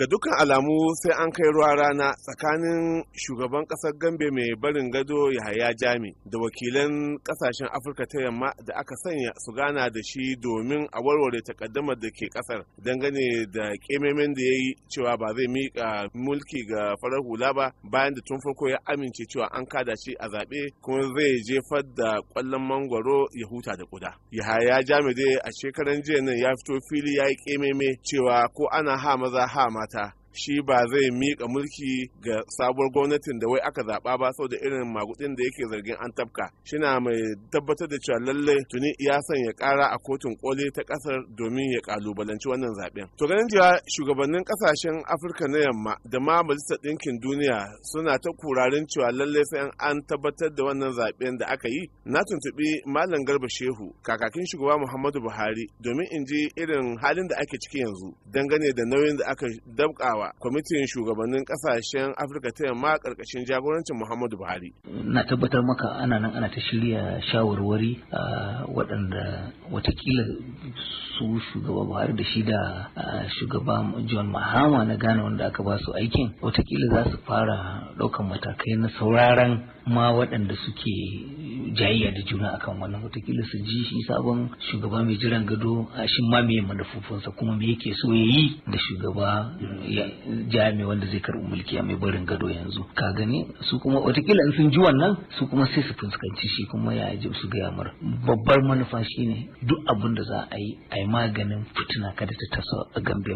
ga dukkan alamu sai an kai ruwa rana tsakanin shugaban kasar gambe mai barin gado yahaya jami da wakilan kasashen afirka ta yamma da aka sanya su gana da shi domin a warware takaddamar da ke kasar dangane da kememen da ya yi cewa ba zai miƙa mulki ga farar hula ba bayan da tun farko ya amince cewa an kada shi a zaɓe kuma zai jefar da ƙwallon mangwaro ya huta da ƙuda yahaya jami dai a shekaran jiya nan ya fito fili ya yi kememe cewa ko ana ha maza ha mata matter shi ba zai miƙa mulki ga sabuwar gwamnatin da wai aka zaɓa ba sau da irin magudin da yake zargin an tabka. shina mai tabbatar da cewa lallai tuni ya sanya ƙara a kotun koli ta ƙasar domin ya ƙalubalanci wannan zaben. to ganin cewa shugabannin ƙasashen afirka na yamma da ma majalisar ɗinkin duniya suna ta kurarin cewa lallai sai an tabbatar da wannan zaɓen da aka yi na tuntuɓi malam garba shehu kakakin shugaba muhammadu buhari domin in ji irin halin da ake ciki yanzu dangane da nauyin da aka dabka kwamitin shugabannin kasashen afirka ta yamma karkashin jagorancin muhammadu buhari na tabbatar maka ana nan ana ta shirya shawarwari a ah, waɗanda watakila su shugaba buhari da shi da ah, shugaba john mahama na ghana wanda aka ba su aikin watakila za su fara ɗaukan matakai na sauraron ma waɗanda suke jayayya da juna akan wannan watakila su ji shi sabon shugaba mai jiran gado a shin ma me manufofinsa kuma me yake so ya yi da shugaba jami wanda zai karɓi mulki a mai barin gado yanzu ka gani su kuma watakila in sun ji wannan su kuma sai su fuskanci shi kuma ya ji su gaya mara babbar manufa shi ne duk abin da za a yi a yi maganin fitina kada ta taso a gambe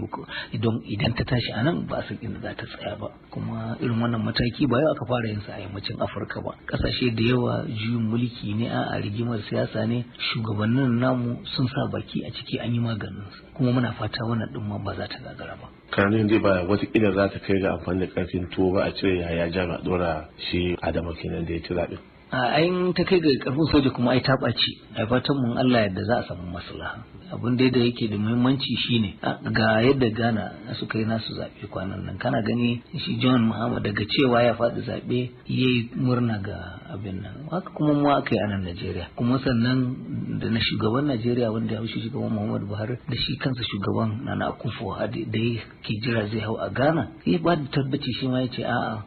don idan ta tashi a nan ba su inda za ta tsaya ba kuma irin wannan mataki ba yau aka fara yin sa a yammacin afirka ba kasashe da yawa juyin mulki mulki ne a rigimar siyasa ne shugabannin namu sun sa baki a ciki an yi maganin kuma muna fata wannan din ba za ta gagara ba kanin dai ba wata kila za ta kai ga amfani da karfin tuwo ba a cire yaya jama dora shi adama kenan da ya ci zaɓen a ayin ta kai ga karfin soja kuma ai ta ɓaci a fatan mun Allah yadda za a samu maslaha abin da yake da muhimmanci shine ga yadda gana suka yi nasu zaɓe kwanan nan kana gani shi John Muhammad daga cewa ya faɗi zaɓe yayi murna ga abin nan haka kuma mu aka a nan Najeriya kuma sannan da na shugaban Najeriya wanda ya haushi shugaban Muhammad Buhari da shi kansa shugaban Nana Akufo da yake jira zai hau a gana ya ba da tabbaci shi ma ya a'a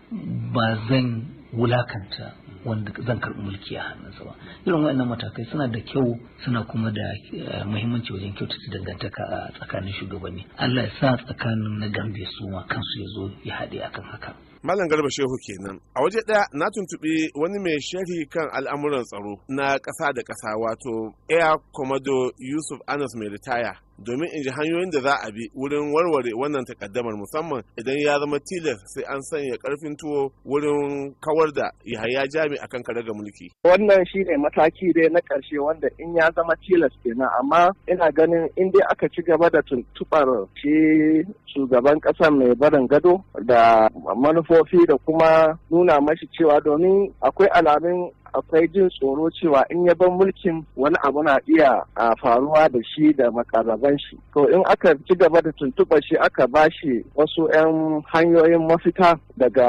ba zan wulakanta wanda zan karɓi mulki a hannunsa ba irin wa'annan matakai suna da kyau suna kuma da eh, muhimmanci wajen kyautata dangantaka a tsakanin shugabanni Allah ya sa tsakanin na gambe su ma kansu ya zo ya haɗe akan haka Malam Garba Shehu kenan. A waje ɗaya na tuntuɓi wani mai sharhi kan al'amuran tsaro na ƙasa da ƙasa wato Air Commodore Yusuf Anas mai ritaya domin in ji hanyoyin da za a bi wurin warware wannan takaddamar musamman idan ya zama tilas sai an sanya karfin tuwo wurin kawar da yahaya jami akan ga mulki. Wannan shi ne mataki dai na ƙarshe wanda in ya zama tilas kenan amma ina ganin in dai aka ci gaba da tuntuɓar shi shugaban ƙasar mai barin gado da manufofi da kuma nuna mashi cewa domin akwai alamin akwai jin tsoro cewa in ya bar mulkin wani abu na iya faruwa da shi da makaraban shi to in aka ci gaba da tuntuɓa shi aka bashi wasu 'yan hanyoyin mafita daga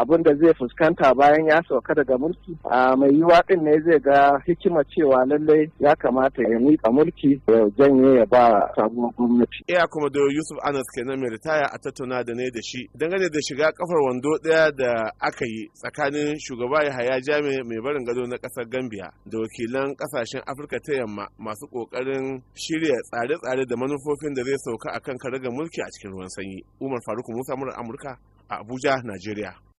abin da zai fuskanta bayan ya sauka daga mulki a mai yiwa din ne zai ga hikima cewa lallai ya kamata ya miƙa mulki ya janye ya ba sabuwar gwamnati. Iya kuma da Yusuf Anas kenan mai ritaya a tattauna da ne da shi dangane da shiga kafar wando ɗaya da aka yi tsakanin shugaba Yahaya Jami mai barin gado na ƙasar Gambia da wakilan ƙasashen Afirka ta yamma masu ƙoƙarin shirya tsare-tsare da manufofin da zai sauka akan karagar mulki a cikin ruwan sanyi. Umar Faruk Musa Murar Amurka Abuja, Nigeria.